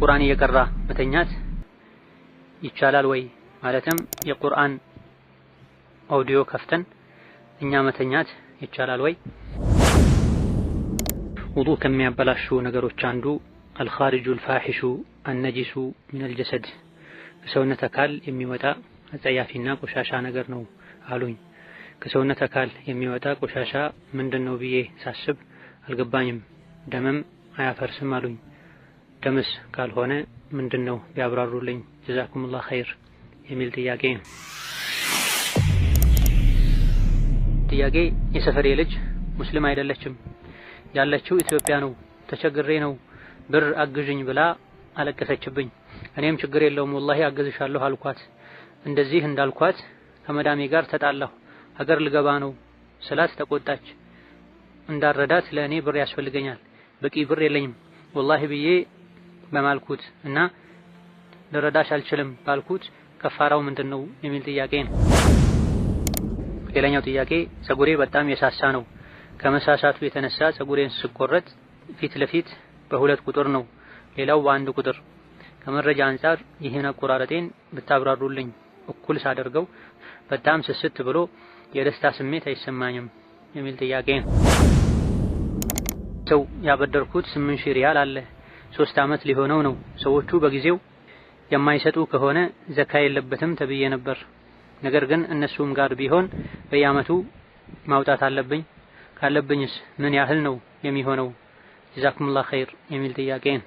ቁርአን እየቀራ መተኛት ይቻላል ወይ? ማለትም የቁርአን ኦዲዮ ከፍተን እኛ መተኛት ይቻላል ወይ? ውጡ ከሚያበላሹ ነገሮች አንዱ አልኻሪጁ አልፋሒሹ አነጂሱ ሚነል ጀሰድ ከሰውነት አካል የሚወጣ አጸያፊና ቆሻሻ ነገር ነው አሉኝ። ከሰውነት አካል የሚወጣ ቆሻሻ ምንድን ነው ብዬ ሳስብ አልገባኝም። ደምም አያፈርስም አሉኝ። ደምስ ካልሆነ ምንድን ነው ቢያብራሩልኝ ጀዛኩሙላህ ኸይር የሚል ጥያቄ ነው። ጥያቄ የሰፈሬ ልጅ ሙስሊም አይደለችም፣ ያለችው ኢትዮጵያ ነው። ተቸግሬ ነው ብር አግዥኝ ብላ አለቀሰችብኝ። እኔም ችግር የለውም ወላሂ አገዝሻለሁ አልኳት። እንደዚህ እንዳልኳት ከመዳሜ ጋር ተጣላሁ። ሀገር ልገባ ነው ስላት ተቆጣች። እንዳረዳት ለእኔ ብር ያስፈልገኛል፣ በቂ ብር የለኝም ወላሂ ብዬ በማልኩት እና ልረዳሽ አልችልም ባልኩት ከፋራው ምንድን ነው የሚል ጥያቄ ነው። ሌላኛው ጥያቄ ጸጉሬ በጣም የሳሳ ነው። ከመሳሳቱ የተነሳ ጸጉሬን ስቆረጥ ፊት ለፊት በሁለት ቁጥር ነው፣ ሌላው በአንድ ቁጥር። ከመረጃ አንጻር ይህን አቆራረጤን ብታብራሩልኝ። እኩል ሳደርገው በጣም ስስት ብሎ የደስታ ስሜት አይሰማኝም የሚል ጥያቄ ነው። ሰው ያበደርኩት ስምንት ሺህ ሪያል አለ ሶስት ዓመት ሊሆነው ነው። ሰዎቹ በጊዜው የማይሰጡ ከሆነ ዘካ የለበትም ተብዬ ነበር። ነገር ግን እነሱም ጋር ቢሆን በየዓመቱ ማውጣት አለብኝ። ካለብኝስ ምን ያህል ነው የሚሆነው? ጀዛኩሙላህ ኸይር የሚል ጥያቄ ነው።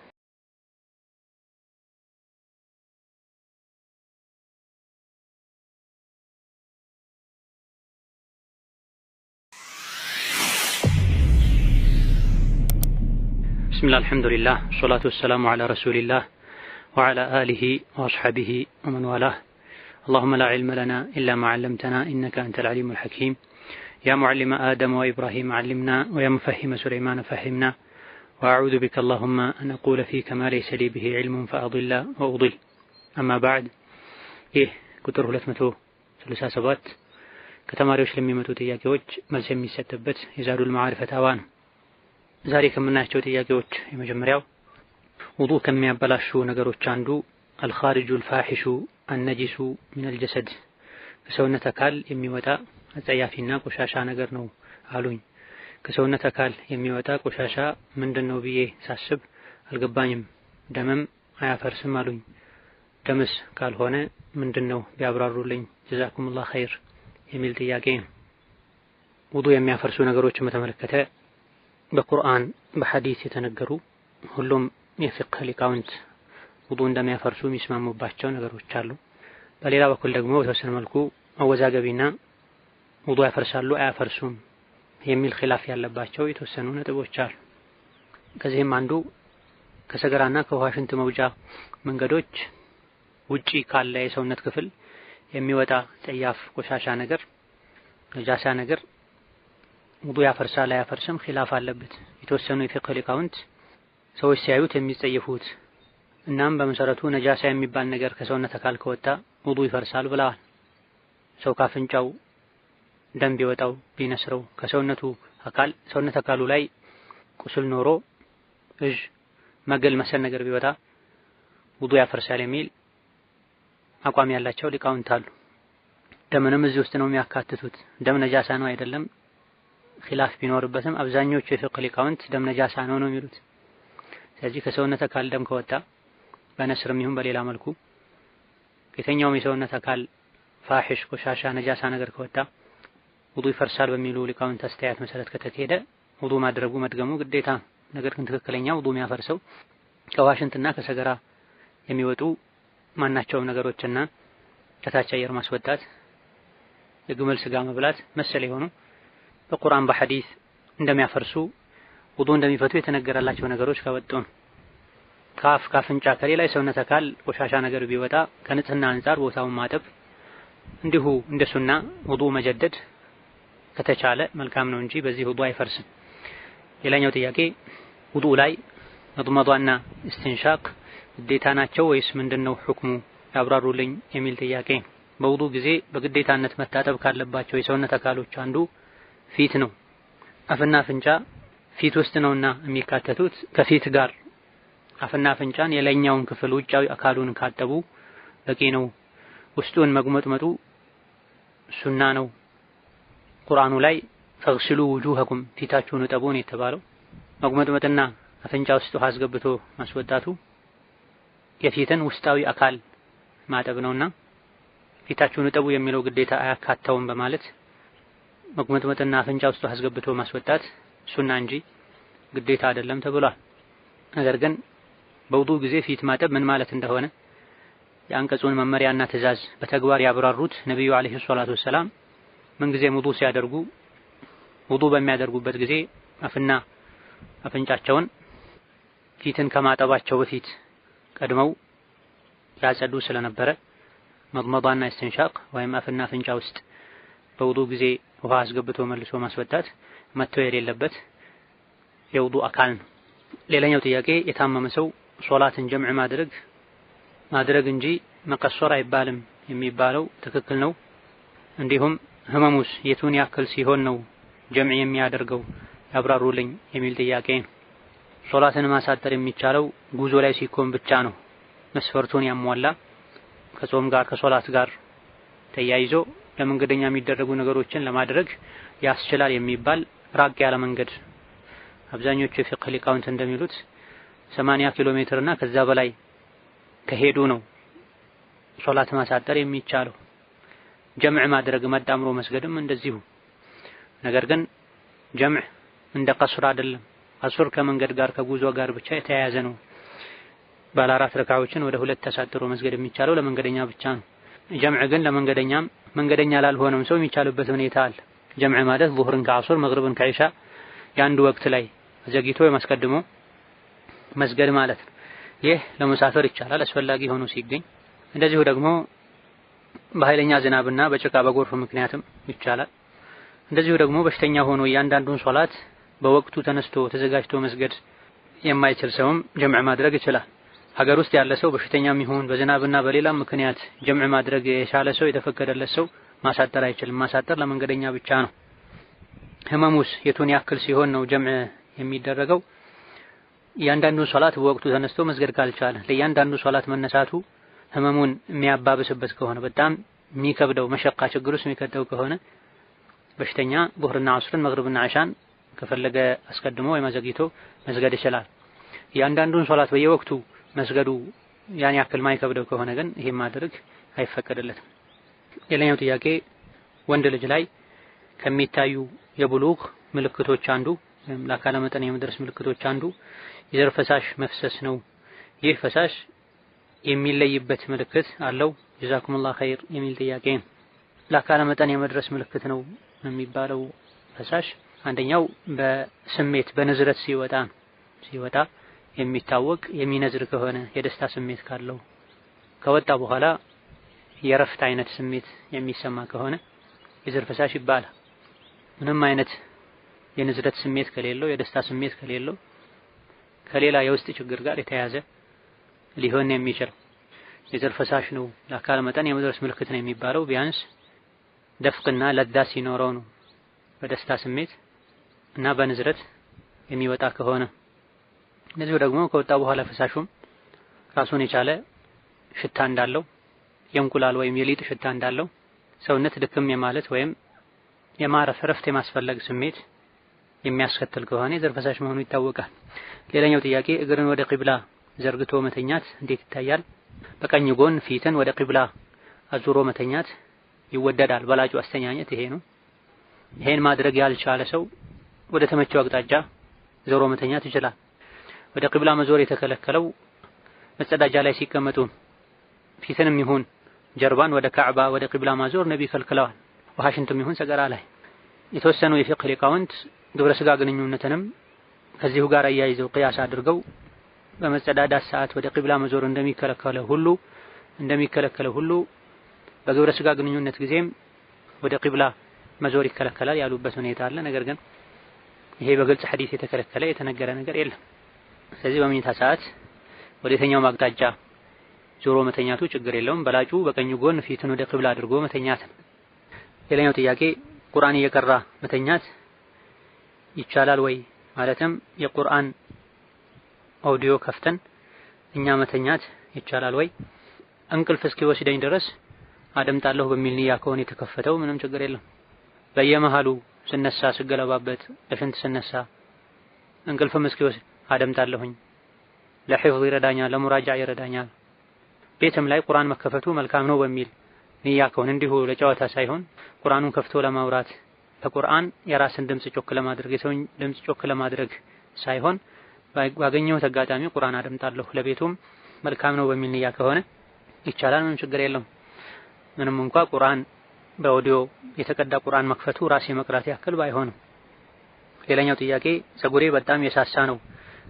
بسم الله الحمد لله والصلاة والسلام على رسول الله وعلى آله وأصحابه ومن والاه اللهم لا علم لنا إلا ما علمتنا إنك أنت العليم الحكيم يا معلم آدم وإبراهيم علمنا ويا مفهم سليمان فهمنا وأعوذ بك اللهم أن أقول فيك ما ليس لي به علم فأضل وأضل أما بعد إيه ይህ ቁጥር 267 ከተማሪዎች ለሚመጡ ጥያቄዎች መልስ ملسمي ستبت يزال المعارفة ነው ዛሬ ከምናያቸው ጥያቄዎች የመጀመሪያው ውዱእ ከሚያበላሹ ነገሮች አንዱ አልኻሪጁ አልፋሂሹ አነጂሱ ሚነል ጀሰድ ከሰውነት አካል የሚወጣ አጸያፊና ቆሻሻ ነገር ነው አሉኝ። ከሰውነት አካል የሚወጣ ቆሻሻ ምንድን ነው ብዬ ሳስብ አልገባኝም። ደምም አያፈርስም አሉኝ። ደምስ ካልሆነ ምንድን ነው ቢያብራሩልኝ፣ ጀዛኩሙላህ ኸይር የሚል ጥያቄ ነው። የሚያፈርሱ ነገሮችን በተመለከተ በቁርአን በሐዲስ የተነገሩ ሁሉም የፍቅህ ሊቃውንት ውጡ እንደሚያፈርሱ የሚስማሙባቸው ነገሮች አሉ። በሌላ በኩል ደግሞ በተወሰነ መልኩ አወዛገቢና ውጡ ያፈርሳሉ አያፈርሱም የሚል ኺላፍ ያለባቸው የተወሰኑ ነጥቦች አሉ። ከዚህም አንዱ ከሰገራና ከዋሽንት መውጫ መንገዶች ውጪ ካለ የሰውነት ክፍል የሚወጣ ጸያፍ ቆሻሻ ነገር ነጃሳ ነገር ውዱ ያፈርሳል አያፈርስም ኺላፍ አለበት። የተወሰኑ የፊቅህ ሊቃውንት ሰዎች ሲያዩት የሚጸየፉት እናም በመሰረቱ ነጃሳ የሚባል ነገር ከሰውነት አካል ከወጣ ውዱ ይፈርሳል ብለዋል። ሰው ካፍንጫው ደም ቢወጣው ቢነስረው ከሰውነቱ አካል ሰውነት አካሉ ላይ ቁስል ኖሮ እዥ መገል መሰል ነገር ቢወጣ ውዱ ያፈርሳል የሚል አቋም ያላቸው ሊቃውንት አሉ። ደምንም እዚህ ውስጥ ነው የሚያካትቱት። ደም ነጃሳ ነው አይደለም ኺላፍ ቢኖርበትም አብዛኞቹ የፍቅህ ሊቃውንት ደም ነጃሳ ነው ነው የሚሉት። ስለዚህ ከሰውነት አካል ደም ከወጣ በነስርም ይሁን በሌላ መልኩ የተኛውም የሰውነት አካል ፋሒሽ፣ ቆሻሻ፣ ነጃሳ ነገር ከወጣ ውዱ ይፈርሳል በሚሉ ሊቃውንት አስተያየት መሰረት ከተካሄደ ውዱ ማድረጉ መድገሙ ግዴታ፣ ነገር ግን ትክክለኛ ውዱ የሚያፈርሰው ከዋሽንትና ከሰገራ የሚወጡ ማናቸውም ነገሮችና ከታች አየር ማስወጣት፣ የግመል ስጋ መብላት መሰል የሆኑ በቁርአን በሐዲስ እንደሚያፈርሱ ውዱ እንደሚፈቱ የተነገረላቸው ነገሮች ከወጡ ነው። ካፍ ካፍንጫ፣ ከሌላ የሰውነት አካል ቆሻሻ ነገር ቢወጣ ከንጽህና አንጻር ቦታውን ማጠብ፣ እንዲሁ እንደ ሱና ውዱ መጀደድ ከተቻለ መልካም ነው እንጂ በዚህ ውዱ አይፈርስም። ሌላኛው ጥያቄ ውዱ ላይ መጥመዷና ኢስቲንሻክ ግዴታ ናቸው ወይስ ምንድነው ሁክሙ ያብራሩልኝ የሚል ጥያቄ። በውዱ ጊዜ በግዴታነት መታጠብ ካለባቸው የሰውነት አካሎች አንዱ ፊት ነው። አፍና አፍንጫ ፊት ውስጥ ነውና የሚካተቱት ከፊት ጋር አፍና አፍንጫን የላይኛውን ክፍል ውጫዊ አካሉን ካጠቡ በቂ ነው። ውስጡን መጉመጥመጡ ሱና ነው። ቁርአኑ ላይ ፈግሲሉ ውጁሀኩም ፊታችሁን እጠቡ ነው የተባለው። መጉመጥመጥና አፍንጫ ውስጥ ውሃ አስገብቶ ማስወጣቱ የፊትን ውስጣዊ አካል ማጠብ ነውና ፊታችሁን እጠቡ የሚለው ግዴታ አያካተውም በማለት መጉመጥመጥና አፍንጫ ውስጥ አስገብቶ ማስወጣት ሱና እንጂ ግዴታ አይደለም ተብሏል። ነገር ግን በውዱ ጊዜ ፊት ማጠብ ምን ማለት እንደሆነ የአንቀጹን መመሪያና ትዕዛዝ በተግባር ያብራሩት ነቢዩ አለይሂ ሰላቱ ወሰላም ምንጊዜም ውዱ ሲያደርጉ ውዱ በሚያደርጉበት ጊዜ አፍና አፍንጫቸውን ፊትን ከማጠባቸው በፊት ቀድመው ያጸዱ ስለነበረ መድመዳና ኢስቲንሻቅ ወይም አፍና አፍንጫ ውስጥ በውዱ ጊዜ ውሃ አስገብቶ መልሶ ማስወጣት መተው የሌለበት የውዱ አካል ነው። ሌላኛው ጥያቄ የታመመ ሰው ሶላትን ጀምዕ ማድረግ ማድረግ እንጂ መቀሶር አይባልም የሚባለው ትክክል ነው? እንዲሁም ህመሙስ የቱን ያክል ሲሆን ነው ጀምዕ የሚያደርገው ያብራሩልኝ የሚል ጥያቄ ነው። ሶላትን ማሳጠር የሚቻለው ጉዞ ላይ ሲኮን ብቻ ነው። መስፈርቱን ያሟላ ከጾም ጋር ከሶላት ጋር ተያይዞ ለመንገደኛ የሚደረጉ ነገሮችን ለማድረግ ያስችላል የሚባል ራቅ ያለ መንገድ አብዛኞቹ የፊቅህ ሊቃውንት እንደሚሉት 80 ኪሎ ሜትር እና ከዛ በላይ ከሄዱ ነው ሶላት ማሳጠር የሚቻለው። ጀምዕ ማድረግ መዳምሮ መስገድም እንደዚሁ። ነገር ግን ጀምዕ እንደ ቀሱር አይደለም። ቀሱር ከመንገድ ጋር ከጉዞ ጋር ብቻ የተያያዘ ነው። ባለ አራት ረካዎችን ወደ ሁለት ተሳጥሮ መስገድ የሚቻለው ለመንገደኛ ብቻ ነው። ጀምዕ ግን ለመንገደኛም መንገደኛ ላልሆነም ሰው የሚቻልበት ሁኔታ አለ። ጀምዕ ማለት ዙህርን ከአሱር መግሪብን ከኢሻ የአንድ ወቅት ላይ ዘግይቶ የማስቀድሞ መስገድ ማለት ነው። ይህ ለሙሳፈር ይቻላል አስፈላጊ ሆኖ ሲገኝ። እንደዚሁ ደግሞ በኃይለኛ ዝናብና በጭቃ በጎርፍ ምክንያትም ይቻላል። እንደዚሁ ደግሞ በሽተኛ ሆኖ እያንዳንዱን ሶላት በወቅቱ ተነስቶ ተዘጋጅቶ መስገድ የማይችል ሰውም ጀምዕ ማድረግ ይችላል። ሀገር ውስጥ ያለ ሰው በሽተኛም ይሁን በዝናብና በሌላም ምክንያት ጀምዕ ማድረግ የቻለ ሰው የተፈቀደለት ሰው ማሳጠር አይችልም። ማሳጠር ለመንገደኛ ብቻ ነው። ህመሙስ የቱን ያክል ሲሆን ነው ጀምዕ የሚደረገው? እያንዳንዱ ሶላት በወቅቱ ተነስቶ መስገድ ካልቻለ ለእያንዳንዱ ሶላት መነሳቱ ህመሙን የሚያባብስበት ከሆነ በጣም የሚከብደው መሸካ ችግር ውስጥ የሚከተው ከሆነ በሽተኛ ቡህርና አስርን መግሪብና አሻን ከፈለገ አስቀድሞ ወይም አዘግይቶ መስገድ ይችላል። እያንዳንዱን ሶላት በየወቅቱ መስገዱ ያን ያክል ማይከብደው ከሆነ ግን ይሄ ማድረግ አይፈቀድለትም። ሌላኛው ጥያቄ ወንድ ልጅ ላይ ከሚታዩ የብሉግ ምልክቶች አንዱ ወይም ለአካለ መጠን የመድረስ ምልክቶች አንዱ የዘር ፈሳሽ መፍሰስ ነው። ይህ ፈሳሽ የሚለይበት ምልክት አለው? ጀዛኩሙላህ ኸይር የሚል ጥያቄ። ለአካለ መጠን የመድረስ ምልክት ነው የሚባለው ፈሳሽ አንደኛው በስሜት በንዝረት ሲወጣ ሲወጣ የሚታወቅ የሚነዝር ከሆነ የደስታ ስሜት ካለው ከወጣ በኋላ የረፍት አይነት ስሜት የሚሰማ ከሆነ የዘር ፈሳሽ ይባላል። ምንም አይነት የንዝረት ስሜት ከሌለው የደስታ ስሜት ከሌለው ከሌላ የውስጥ ችግር ጋር የተያያዘ ሊሆን የሚችል የዘር ፈሳሽ ነው፣ ለአካል መጠን የመድረስ ምልክት ነው የሚባለው ቢያንስ ደፍቅና ለዳ ሲኖረው ነው። በደስታ ስሜት እና በንዝረት የሚወጣ ከሆነ እንደዚሁ ደግሞ ከወጣ በኋላ ፈሳሹም ራሱን የቻለ ሽታ እንዳለው የእንቁላል ወይም የሊጥ ሽታ እንዳለው ሰውነት ድክም የማለት ወይም የማረፍ እረፍት የማስፈለግ ስሜት የሚያስከትል ከሆነ የዘር ፈሳሽ መሆኑ ይታወቃል። ሌላኛው ጥያቄ እግርን ወደ ቂብላ ዘርግቶ መተኛት እንዴት ይታያል? በቀኝ ጎን ፊትን ወደ ቂብላ አዙሮ መተኛት ይወደዳል። በላጩ አስተኛኘት ይሄ ነው። ይሄን ማድረግ ያልቻለ ሰው ወደ ተመቸው አቅጣጫ ዞሮ መተኛት ይችላል። ወደ ቅብላ መዞር የተከለከለው መጸዳጃ ላይ ሲቀመጡ ፊትንም ይሁን ጀርባን ወደ ካዕባ ወደ ቅብላ ማዞር ነቢ ከልክለዋል። ውሃ ሽንትም ይሁን ሰገራ ላይ የተወሰኑ የፊቅህ ሊቃውንት ግብረ ስጋ ግንኙነትንም ከዚሁ ጋር አያይዘው ቅያስ አድርገው በመጸዳዳት ሰዓት ወደ ቂብላ መዞር እንደሚከለከለ ሁሉ እንደሚከለከለ ሁሉ በግብረ ስጋ ግንኙነት ጊዜም ወደ ቂብላ መዞር ይከለከላል ያሉበት ሁኔታ አለ። ነገር ግን ይሄ በግልጽ ሐዲስ የተከለከለ የተነገረ ነገር የለም። ስለዚህ በመኝታ ሰዓት ወደ የተኛው አቅጣጫ ዞሮ መተኛቱ ችግር የለውም። በላጩ በቀኙ ጎን ፊትን ወደ ክብል አድርጎ መተኛት። ሌላኛው ጥያቄ ቁርአን እየቀራ መተኛት ይቻላል ወይ? ማለትም የቁርአን ኦዲዮ ከፍተን እኛ መተኛት ይቻላል ወይ? እንቅልፍ እስኪወስደኝ ድረስ አደምጣለሁ በሚል ንያ ከሆነ የተከፈተው ምንም ችግር የለም። በየመሃሉ ስነሳ ስገለባበት፣ ለሽንት ስነሳ እንቅልፍም እስኪወስድ አደምጣለሁኝ። ለሕፍዝ ይረዳኛል፣ ለሙራጃ ይረዳኛል። ቤትም ላይ ቁርአን መከፈቱ መልካም ነው በሚል ንያ ከሆነ እንዲሁ ለጨዋታ ሳይሆን ቁርአኑን ከፍቶ ለማውራት ከቁርአን የራስን ድምጽ ጮክ ለማድረግ የሰውን ድምጽ ጮክ ለማድረግ ሳይሆን ባገኘሁት አጋጣሚ ቁርአን አደምጣለሁ ለቤቱም መልካም ነው በሚል ንያ ከሆነ ይቻላል። ምንም ችግር የለውም። ምንም እንኳ ቁርአን በኦዲዮ የተቀዳ ቁርአን መክፈቱ ራስ መቅራት ያክል ባይሆንም። ሌላኛው ጥያቄ ፀጉሬ በጣም የሳሳ ነው።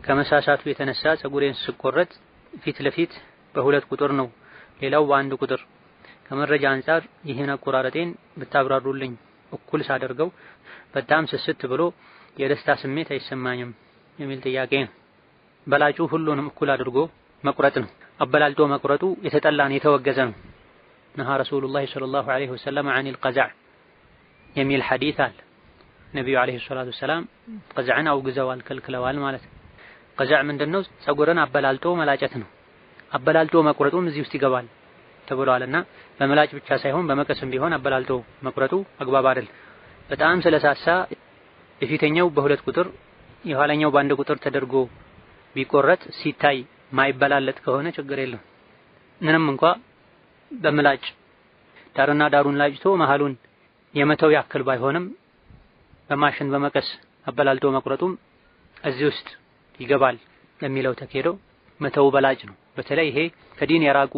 ከመሳሳቱ የተነሳ ጸጉሬን ስቆረጥ ፊት ለፊት በሁለት ቁጥር ነው፣ ሌላው በአንድ ቁጥር። ከመረጃ አንጻር ይህን አቆራረጤን ብታብራሩልኝ። እኩል ሳደርገው በጣም ስስት ብሎ የደስታ ስሜት አይሰማኝም የሚል ጥያቄ ነው። በላጩ ሁሉንም እኩል አድርጎ መቁረጥ ነው። አበላልጦ መቁረጡ የተጠላን የተወገዘ ነው። ነሃ ረሱሉላህ ሰለላሁ ዐለይሂ ወሰለም አኒል ቀዛዕ የሚል ሐዲስ አለ። ነቢዩ ዐለይሂ ሰላቱ ወሰላም ቀዛዕን አውግዘዋል፣ ከልክለዋል ማለት ነው። ቀዛዕ ምንድን ጸጉርን አበላልጦ መላጨት ነው። አበላልጦ መቁረጡም እዚህ ውስጥ ይገባል ተብሏልና በመላጭ ብቻ ሳይሆን በመቀስም ቢሆን አበላልጦ መቁረጡ አግባብ አይደል። በጣም ስለሳሳ የፊተኛው በሁለት ቁጥር የኋለኛው በአንድ ቁጥር ተደርጎ ቢቆረጥ ሲታይ ማይበላለጥ ከሆነ ችግር የለም። ምንም እንኳ በምላጭ ዳርና ዳሩን ላጭቶ መሃሉን የመተው ያክል ባይሆንም በማሽን በመቀስ አበላልጦ መቁረጡም እዚህ ውስጥ ይገባል ለሚለው ተኬዶ መተው በላጭ ነው። በተለይ ይሄ ከዲን የራቁ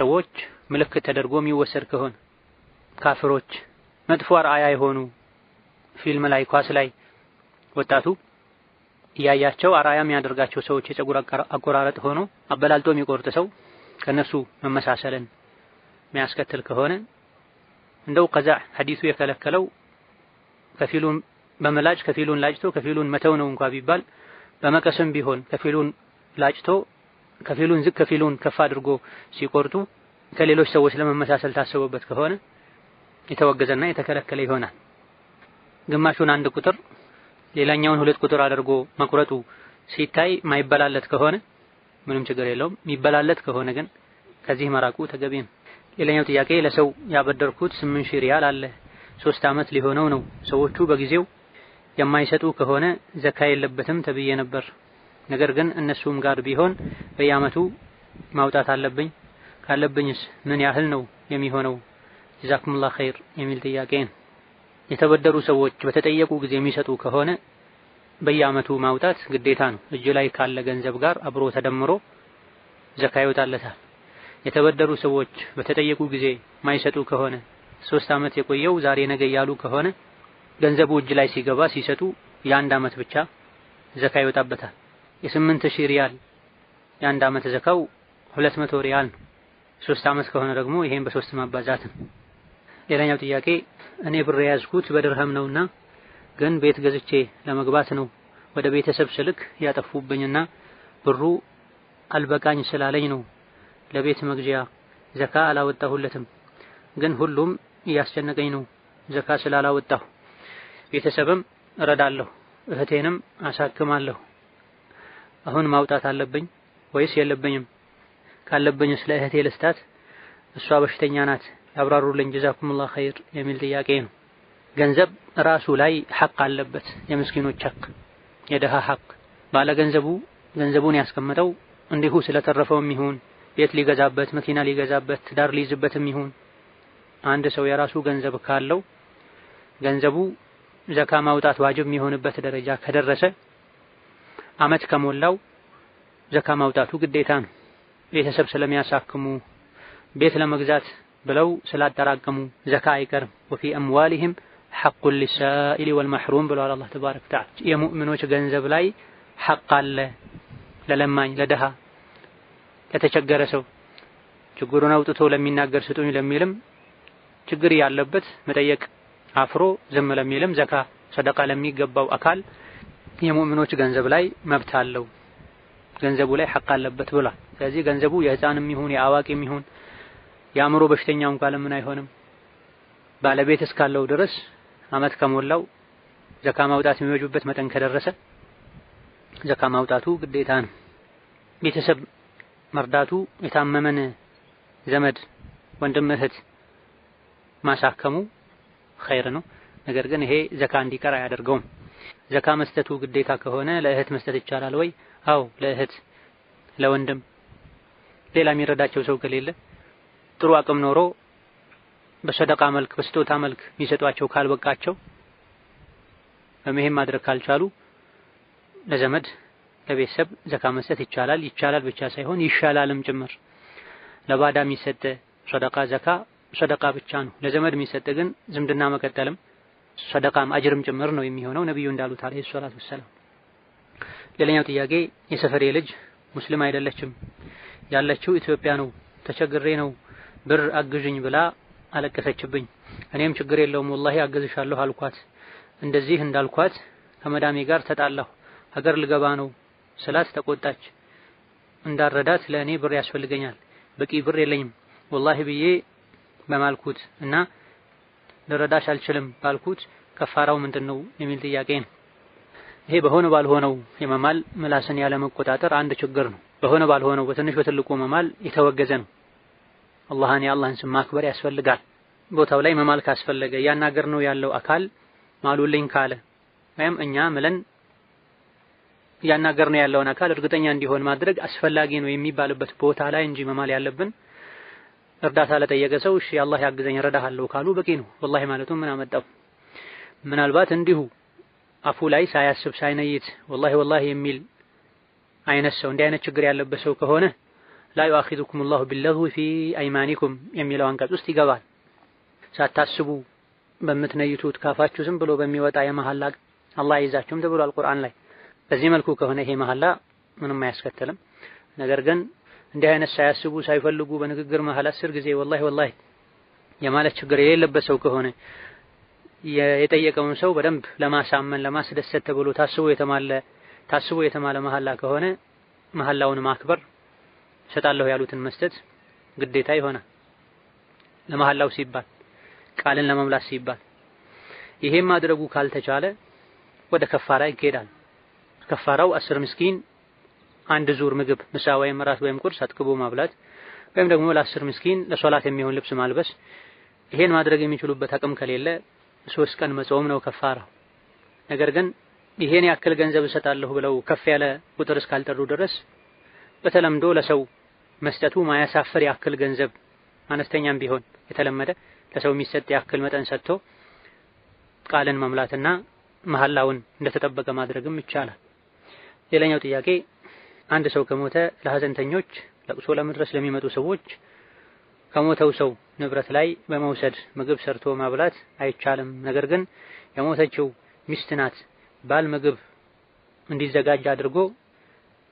ሰዎች ምልክት ተደርጎ የሚወሰድ ከሆነ ካፍሮች፣ መጥፎ አርአያ የሆኑ ፊልም ላይ ኳስ ላይ ወጣቱ እያያቸው አርአያ የሚያደርጋቸው ሰዎች የፀጉር አቆራረጥ ሆኖ አበላልጦ የሚቆርጥ ሰው ከነሱ መመሳሰልን የሚያስከትል ከሆነ እንደው ከዛ ሐዲሱ የከለከለው ከፊሉን በመላጭ ከፊሉን ላጭቶ ከፊሉን መተው ነው እንኳ ቢባል በመቀስም ቢሆን ከፊሉን ላጭቶ ከፊሉን ዝቅ ከፊሉን ከፍ አድርጎ ሲቆርጡ ከሌሎች ሰዎች ለመመሳሰል ታስቦበት ከሆነ የተወገዘና የተከለከለ ይሆናል። ግማሹን አንድ ቁጥር ሌላኛውን ሁለት ቁጥር አድርጎ መቁረጡ ሲታይ ማይበላለት ከሆነ ምንም ችግር የለውም። የሚበላለት ከሆነ ግን ከዚህ መራቁ ተገቢ ነው። ሌላኛው ጥያቄ ለሰው ያበደርኩት ስምንት ሺህ ሪያል አለ ሶስት አመት ሊሆነው ነው። ሰዎቹ በጊዜው የማይሰጡ ከሆነ ዘካ የለበትም ተብዬ ነበር። ነገር ግን እነሱም ጋር ቢሆን በየአመቱ ማውጣት አለብኝ። ካለብኝስ ምን ያህል ነው የሚሆነው? ጀዛኩሙላህ ኸይር የሚል ጥያቄ ነው። የተበደሩ ሰዎች በተጠየቁ ጊዜ የሚሰጡ ከሆነ በየአመቱ ማውጣት ግዴታ ነው። እጅ ላይ ካለ ገንዘብ ጋር አብሮ ተደምሮ ዘካ ይወጣለታል። የተበደሩ ሰዎች በተጠየቁ ጊዜ ማይሰጡ ከሆነ ሶስት አመት የቆየው ዛሬ ነገ ያሉ ከሆነ ገንዘቡ እጅ ላይ ሲገባ ሲሰጡ የአንድ አመት ብቻ ዘካ ይወጣበታል። የስምንት ሺህ ሪያል የአንድ አመት ዘካው ሁለት መቶ ሪያል ነው። ሶስት አመት ከሆነ ደግሞ ይሄን በሶስት ማባዛት ነው። ሌላኛው ጥያቄ እኔ ብር የያዝኩት በድርሃም ነውና ግን ቤት ገዝቼ ለመግባት ነው ወደ ቤተሰብ ስልክ ያጠፉብኝና ብሩ አልበቃኝ ስላለኝ ነው ለቤት መግዣ ዘካ አላወጣሁለትም። ግን ሁሉም እያስጨነቀኝ ነው ዘካ ስላላወጣሁ ቤተሰብም እረዳለሁ፣ እህቴንም አሳክማለሁ። አሁን ማውጣት አለብኝ ወይስ የለብኝም? ካለብኝስ ለእህቴ እህቴ ልስታት? እሷ በሽተኛ ናት ያብራሩልኝ፣ ጀዛኩሙላህ ኸይር የሚል ጥያቄ ነው። ገንዘብ ራሱ ላይ ሐቅ አለበት፣ የምስኪኖች ሐቅ፣ የደሃ ሐቅ። ባለ ገንዘቡ ገንዘቡን ያስቀመጠው እንዲሁ ስለተረፈውም ይሁን ቤት ሊገዛበት፣ መኪና ሊገዛበት፣ ትዳር ሊይዝበትም ይሁን አንድ ሰው የራሱ ገንዘብ ካለው ገንዘቡ ዘካ ማውጣት ዋጅብ የሚሆንበት ደረጃ ከደረሰ አመት ከሞላው ዘካ ማውጣቱ ግዴታ ነው። ቤተሰብ ስለሚያሳክሙ ቤት ለመግዛት ብለው ስላጠራቀሙ ዘካ አይቀርም። ወፊ አምዋሊሂም ሐቁን ሊሳኢሊ ወልመሕሩም ብለዋል አላህ ተባረከ ወተዓላ። የሙእሚኖች ገንዘብ ላይ ሐቅ አለ ለለማኝ፣ ለደሃ፣ ለተቸገረ ሰው ችግሩን አውጥቶ ለሚናገር ስጡኝ ለሚልም ችግር ያለበት መጠየቅ አፍሮ ዝም ለሚልም ዘካ ሰደቃ ለሚገባው አካል የሙእሚኖች ገንዘብ ላይ መብት አለው፣ ገንዘቡ ላይ ሐቅ አለበት ብሏል። ስለዚህ ገንዘቡ የህፃንም ይሁን የአዋቂም ይሁን የአእምሮ በሽተኛ እንኳን ለምን አይሆንም? ባለቤት እስካለው ድረስ አመት ከሞላው ዘካ ማውጣት የሚበጁበት መጠን ከደረሰ ዘካ ማውጣቱ ግዴታ ነው። ቤተሰብ መርዳቱ የታመመን ዘመድ ወንድም እህት ማሳከሙ ኸይር ነው። ነገር ግን ይሄ ዘካ እንዲቀር አያደርገውም። ዘካ መስጠቱ ግዴታ ከሆነ ለእህት መስጠት ይቻላል ወይ? አው ለእህት ለወንድም፣ ሌላ የሚረዳቸው ሰው ከሌለ ጥሩ አቅም ኖሮ በሰደቃ መልክ በስጦታ መልክ የሚሰጧቸው ካልበቃቸው ይሄን ማድረግ ካልቻሉ ለዘመድ ለቤተሰብ ዘካ መስጠት ይቻላል። ይቻላል ብቻ ሳይሆን ይሻላልም ጭምር ለባዳ የሚሰጠ ሰደቃ ዘካ ሰደቃ ብቻ ነው። ለዘመድ የሚሰጥ ግን ዝምድና መቀጠልም ሰደቃም አጅርም ጭምር ነው የሚሆነው ነብዩ እንዳሉት አለይሂ ሰላቱ ወሰለም። ሌላኛው ጥያቄ የሰፈሬ ልጅ ሙስሊም አይደለችም፣ ያለችው ኢትዮጵያ ነው። ተቸግሬ ነው ብር አግዥኝ ብላ አለቀሰችብኝ። እኔም ችግር የለውም ወላሂ አገዝሻለሁ አልኳት። እንደዚህ እንዳልኳት ከመዳሜ ጋር ተጣላሁ። ሀገር ልገባ ነው ስላት ተቆጣች። እንዳረዳት ለእኔ ብር ያስፈልገኛል፣ በቂ ብር የለኝም ወላሂ ብዬ በማልኩት እና ልረዳሽ አልችልም ባልኩት ከፋራው ምንድን ነው የሚል ጥያቄ ነው። ይሄ በሆነ ባልሆነው የመማል ምላስን ያለመቆጣጠር አንድ ችግር ነው። በሆነ ባልሆነው በትንሽ በትልቁ መማል የተወገዘ ነው። አላህን የአላህን ስም ማክበር ያስፈልጋል። ቦታው ላይ መማል ካስፈለገ እያናገር ነው ያለው አካል ማሉልኝ ካለ ወይም እኛ ምለን እያናገር ነው ያለውን አካል እርግጠኛ እንዲሆን ማድረግ አስፈላጊ ነው የሚባልበት ቦታ ላይ እንጂ መማል ያለብን እርዳታ ለጠየቀ ሰው እሺ አላህ ያግዘኝ እረዳሃለሁ ካሉ በቂ ነው። ወላሂ ማለቱ ምን አመጣው? ምናልባት እንዲሁ አፉ ላይ ሳያስብ ሳይነይት ወላሂ ወላሂ የሚል አይነት ሰው እንዲህ አይነት ችግር ያለበት ሰው ከሆነ ላ ዩአኺዙኩም ላሁ ቢለህዊ ፊ አይማኒኩም የሚለው አንቀጽ ውስጥ ይገባል። ሳታስቡ በምትነይቱት ካፋችሁ ዝም ብሎ በሚወጣ የመሀላ አላህ ይዛችሁም ተብሏል ቁርአን ላይ። በዚህ መልኩ ከሆነ ይሄ መሀላ ምንም አያስከትልም። ነገር ግን እንዲህ አይነት ሳያስቡ ሳይፈልጉ በንግግር መሀል አስር ጊዜ ወላሂ ወላሂ የማለት ችግር የሌለበት ሰው ከሆነ የጠየቀውን ሰው በደንብ ለማሳመን ለማስደሰት ተብሎ ታስቦ የተማለ ታስቦ የተማለ መሀላ ከሆነ መሀላውን ማክበር እሰጣለሁ ያሉትን መስጠት ግዴታ ይሆናል። ለመሀላው ሲባል ቃልን ለመምላት ሲባል ይሄም ማድረጉ ካልተቻለ ወደ ከፋራ ይኬዳል። ከፋራው አስር ምስኪን አንድ ዙር ምግብ ምሳ ወይም ራት ወይም ቁርስ አጥግቦ ማብላት ወይም ደግሞ ለአስር ምስኪን ለሶላት የሚሆን ልብስ ማልበስ። ይሄን ማድረግ የሚችሉበት አቅም ከሌለ ሶስት ቀን መጾም ነው ከፋራ። ነገር ግን ይሄን ያክል ገንዘብ እሰጣለሁ ብለው ከፍ ያለ ቁጥር እስካልጠሩ ድረስ በተለምዶ ለሰው መስጠቱ ማያሳፍር ያክል ገንዘብ አነስተኛም ቢሆን የተለመደ ለሰው የሚሰጥ ያክል መጠን ሰጥቶ ቃልን መምላትና መሐላውን እንደተጠበቀ ማድረግም ይቻላል። ሌላኛው ጥያቄ አንድ ሰው ከሞተ ለሀዘንተኞች ለቅሶ ለመድረስ ለሚመጡ ሰዎች ከሞተው ሰው ንብረት ላይ በመውሰድ ምግብ ሰርቶ ማብላት አይቻልም። ነገር ግን የሞተችው ሚስት ናት። ባል ምግብ እንዲዘጋጅ አድርጎ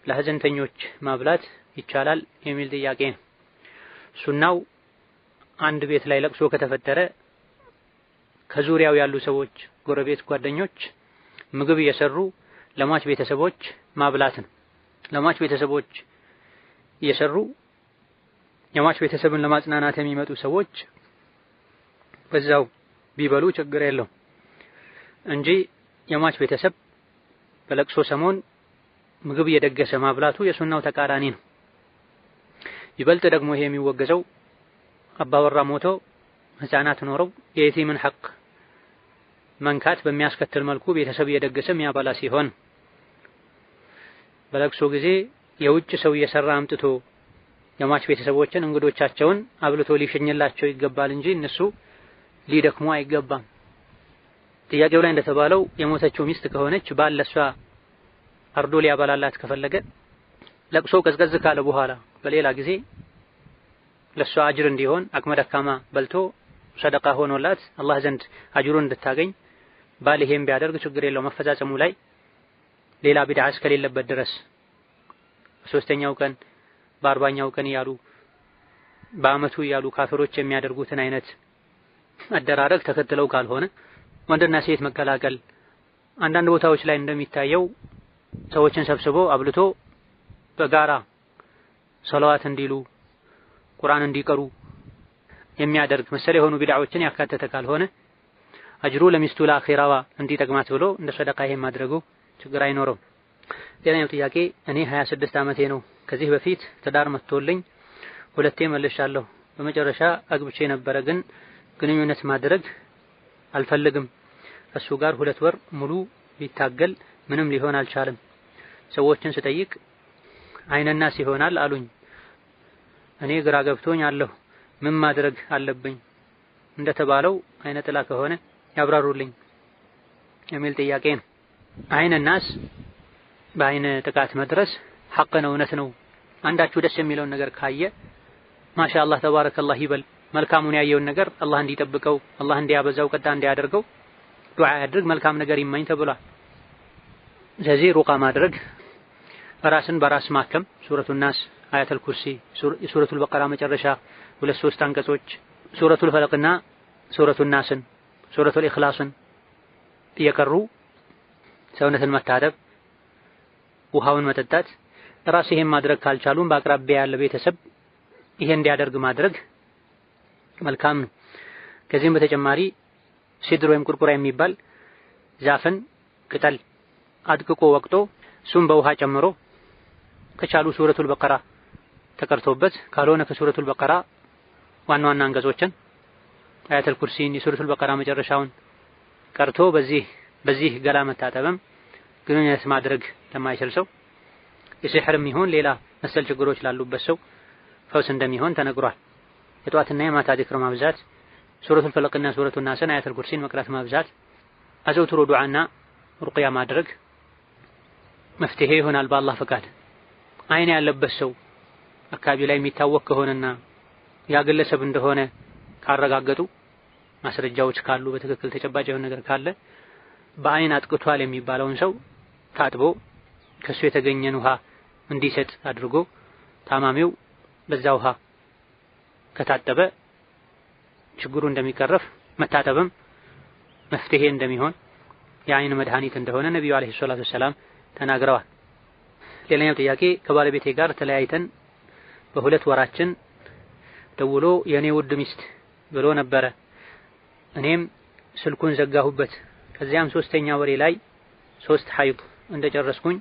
ለሀዘንተኞች ማብላት ይቻላል የሚል ጥያቄ ነው። ሱናው አንድ ቤት ላይ ለቅሶ ከተፈጠረ ከዙሪያው ያሉ ሰዎች፣ ጎረቤት፣ ጓደኞች ምግብ እየሰሩ ለሟች ቤተሰቦች ማብላት ነው። ለሟች ቤተሰቦች እየሰሩ የሟች ቤተሰብን ለማጽናናት የሚመጡ ሰዎች በዛው ቢበሉ ችግር የለው እንጂ የሟች ቤተሰብ በለቅሶ ሰሞን ምግብ እየደገሰ ማብላቱ የሱናው ተቃራኒ ነው። ይበልጥ ደግሞ ይሄ የሚወገዘው አባወራ ሞቶ ህፃናት ኖረው የየቲምን ሐቅ መንካት በሚያስከትል መልኩ ቤተሰብ እየደገሰ የሚያበላ ሲሆን በለቅሶ ጊዜ የውጭ ሰው እየሰራ አምጥቶ የሟች ቤተሰቦችን እንግዶቻቸውን አብልቶ ሊሸኝላቸው ይገባል እንጂ እነሱ ሊደክሙ አይገባም። ጥያቄው ላይ እንደተባለው የሞተችው ሚስት ከሆነች ባል ለሷ አርዶ ሊያበላላት ከፈለገ ለቅሶ ቀዝቀዝ ካለ በኋላ በሌላ ጊዜ ለሷ አጅር እንዲሆን አቅመ ደካማ በልቶ ሰደቃ ሆኖላት አላህ ዘንድ አጅሩን እንድታገኝ ባል ይሄን ቢያደርግ ችግር የለው መፈጻጸሙ ላይ ሌላ ቢድዓ እስከሌለበት ድረስ በሶስተኛው ቀን በአርባኛው ቀን እያሉ በአመቱ እያሉ ካፍሮች የሚያደርጉትን አይነት አደራረግ ተከትለው ካልሆነ ወንድና ሴት መቀላቀል አንዳንድ ቦታዎች ላይ እንደሚታየው ሰዎችን ሰብስቦ አብልቶ በጋራ ሰለዋት እንዲሉ ቁርአን እንዲቀሩ የሚያደርግ መሰል የሆኑ ቢድዓዎችን ያካተተ ካልሆነ አጅሩ ለሚስቱ ለአኺራዋ እንዲጠቅማት ብሎ እንደ ሰደቃ ይሄን ማድረጉ ችግር አይኖርም። ሌላኛው ጥያቄ እኔ 26 ዓመቴ ነው። ከዚህ በፊት ትዳር መጥቶልኝ ሁለቴ መልሻለሁ። በመጨረሻ አግብቼ ነበረ፣ ግን ግንኙነት ማድረግ አልፈልግም። እሱ ጋር ሁለት ወር ሙሉ ቢታገል ምንም ሊሆን አልቻለም። ሰዎችን ስጠይቅ አይነናስ ይሆናል አሉኝ። እኔ ግራ ገብቶኝ አለሁ። ምን ማድረግ አለብኝ? እንደተባለው አይነ ጥላ ከሆነ ያብራሩልኝ የሚል ጥያቄ ነው። አይነ ናስ በአይነ ጥቃት መድረስ ሐቅ ነው፣ እውነት ነው። አንዳችሁ ደስ የሚለውን ነገር ካየ ማሻአላህ ተባረከላህ ይበል። መልካሙን ያየውን ነገር አላህ እንዲጠብቀው፣ አላህ እንዲያበዛው፣ ቀጣ እንዲያደርገው ዱዓ ያድርግ፣ መልካም ነገር ይመኝ ተብሏል። ስለዚህ ሩቃ ማድረግ ራስን በራስ ማከም ሱረቱ ናስ፣ አያተል ኩርሲ፣ ሱረቱል በቀራ መጨረሻ ሁለት ሶስት አንቀጾች ሱረቱል ፈለቅና ሱረቱ ናስን፣ ሱረቱል ኢኽላስን እየቀሩ ሰውነትን መታጠብ፣ ውሃውን መጠጣት ራስ ይሄን ማድረግ ካልቻሉም በአቅራቢያ ያለ ቤተሰብ ይሄ እንዲያደርግ ማድረግ መልካም ነው። ከዚህም በተጨማሪ ሲድር ወይም ቁርቁራ የሚባል ዛፍን ቅጠል አድቅቆ ወቅጦ እሱም በውሃ ጨምሮ ከቻሉ ሱረቱል በቀራ ተቀርቶበት ካልሆነ ከሱረቱል በቀራ ዋና ዋና አንቀጾችን አያተል ኩርሲን የሱረቱል በቀራ መጨረሻውን ቀርቶ በዚህ በዚህ ገላ መታጠብም ግንኙነት ማድረግ ለማይችል ሰው የሲሕርም ይሁን ሌላ መሰል ችግሮች ላሉበት ሰው ፈውስ እንደሚሆን ተነግሯል። የጧትና የማታ ዚክር ማብዛት፣ ሱረቱል ፈለቅና ሱረቱን ናስን፣ አያተል ኩርሲን መቅራት ማብዛት፣ አዘውትሮ ዱዓና ሩቅያ ማድረግ መፍትሄ ይሆናል በአላህ ፈቃድ። አይን ያለበት ሰው አካባቢ ላይ የሚታወቅ ከሆነና ያ ግለሰብ እንደሆነ ካረጋገጡ ማስረጃዎች ካሉ በትክክል ተጨባጭ የሆነ ነገር ካለ በአይን አጥቅቷል የሚባለውን ሰው ታጥቦ ከሱ የተገኘን ውሃ እንዲሰጥ አድርጎ ታማሚው በዛ ውሃ ከታጠበ ችግሩ እንደሚቀረፍ መታጠብም መፍትሄ እንደሚሆን የአይን መድኃኒት እንደሆነ ነቢዩ አለይሂ ሰላቱ ሰላም ተናግረዋል። ሌላኛው ጥያቄ ከባለቤቴ ጋር ተለያይተን በሁለት ወራችን ደውሎ የእኔ ውድ ሚስት ብሎ ነበረ። እኔም ስልኩን ዘጋሁበት ከዚያም ሶስተኛ ወሬ ላይ ሶስት ሐይድ እንደጨረስኩኝ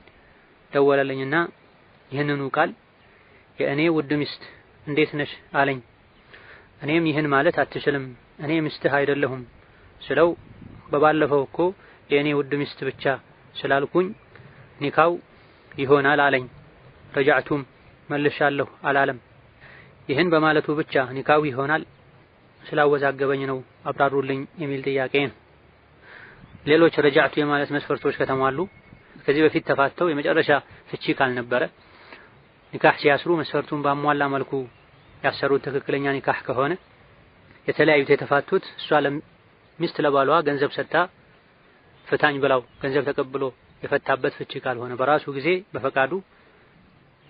ደወለልኝና ይህንኑ ቃል የእኔ ውድ ሚስት እንዴት ነሽ አለኝ። እኔም ይህን ማለት አትችልም፣ እኔ ሚስትህ አይደለሁም ስለው በባለፈው እኮ የእኔ ውድ ሚስት ብቻ ስላልኩኝ ኒካው ይሆናል አለኝ። ረጃዕቱም መልሻለሁ አላለም። ይህን በማለቱ ብቻ ኒካው ይሆናል ስላወዛገበኝ ነው አብራሩልኝ የሚል ጥያቄ ነው። ሌሎች ረጃዕቱ የማለት መስፈርቶች ከተሟሉ ከዚህ በፊት ተፋተው የመጨረሻ ፍቺ ካልነበረ ኒካህ ሲያስሩ መስፈርቱን ባሟላ መልኩ ያሰሩት ትክክለኛ ኒካህ ከሆነ የተለያዩት የተፋቱት እሷ ሚስት ለባሏ ገንዘብ ሰጥታ ፍታኝ ብላው ገንዘብ ተቀብሎ የፈታበት ፍቺ ካልሆነ በራሱ ጊዜ በፈቃዱ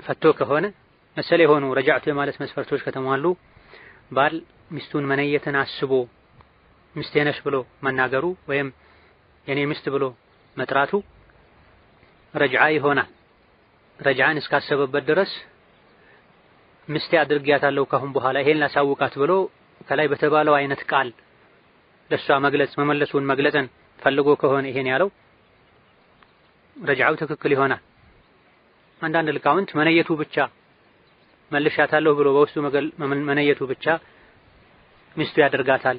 ፈቶ ከሆነ መሰለ የሆኑ ረጃዕቱ የማለት መስፈርቶች ከተሟሉ ባል ሚስቱን መነየትን አስቦ ሚስቴ ነሽ ብሎ መናገሩ ወይም የኔ ሚስት ብሎ መጥራቱ ረጅዓ ይሆናል። ረጅዓን እስካሰበበት ድረስ ምስቴ አድርጊያታለሁ ካሁን በኋላ ይሄን ላሳውቃት ብሎ ከላይ በተባለው አይነት ቃል ለሷ መግለጽ መመለሱን መግለጽን ፈልጎ ከሆነ ይሄን ያለው ረጅዓው ትክክል ይሆናል። አንዳንድ ሊቃውንት መነየቱ ብቻ መልሻታለሁ ብሎ በውስጡ መነየቱ ብቻ ሚስቱ ያደርጋታል።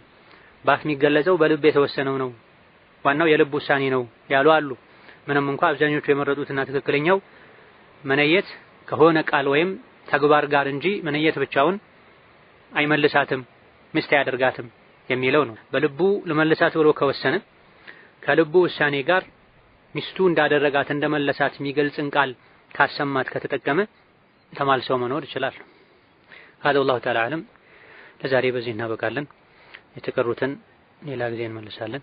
ባፍ የሚገለጸው በልብ የተወሰነው ነው ዋናው የልብ ውሳኔ ነው ያሉ አሉ። ምንም እንኳ አብዛኞቹ የመረጡትና ትክክለኛው መነየት ከሆነ ቃል ወይም ተግባር ጋር እንጂ መነየት ብቻውን አይመልሳትም፣ ሚስት አያደርጋትም የሚለው ነው። በልቡ ልመልሳት ብሎ ከወሰነ ከልቡ ውሳኔ ጋር ሚስቱ እንዳደረጋት እንደመለሳት የሚገልጽን ቃል ካሰማት ከተጠቀመ ተማልሰው መኖር ይችላል። هذا ላሁ تعالى اعلم ለዛሬ በዚህ እናበቃለን። የተቀሩትን ሌላ ጊዜ እንመልሳለን።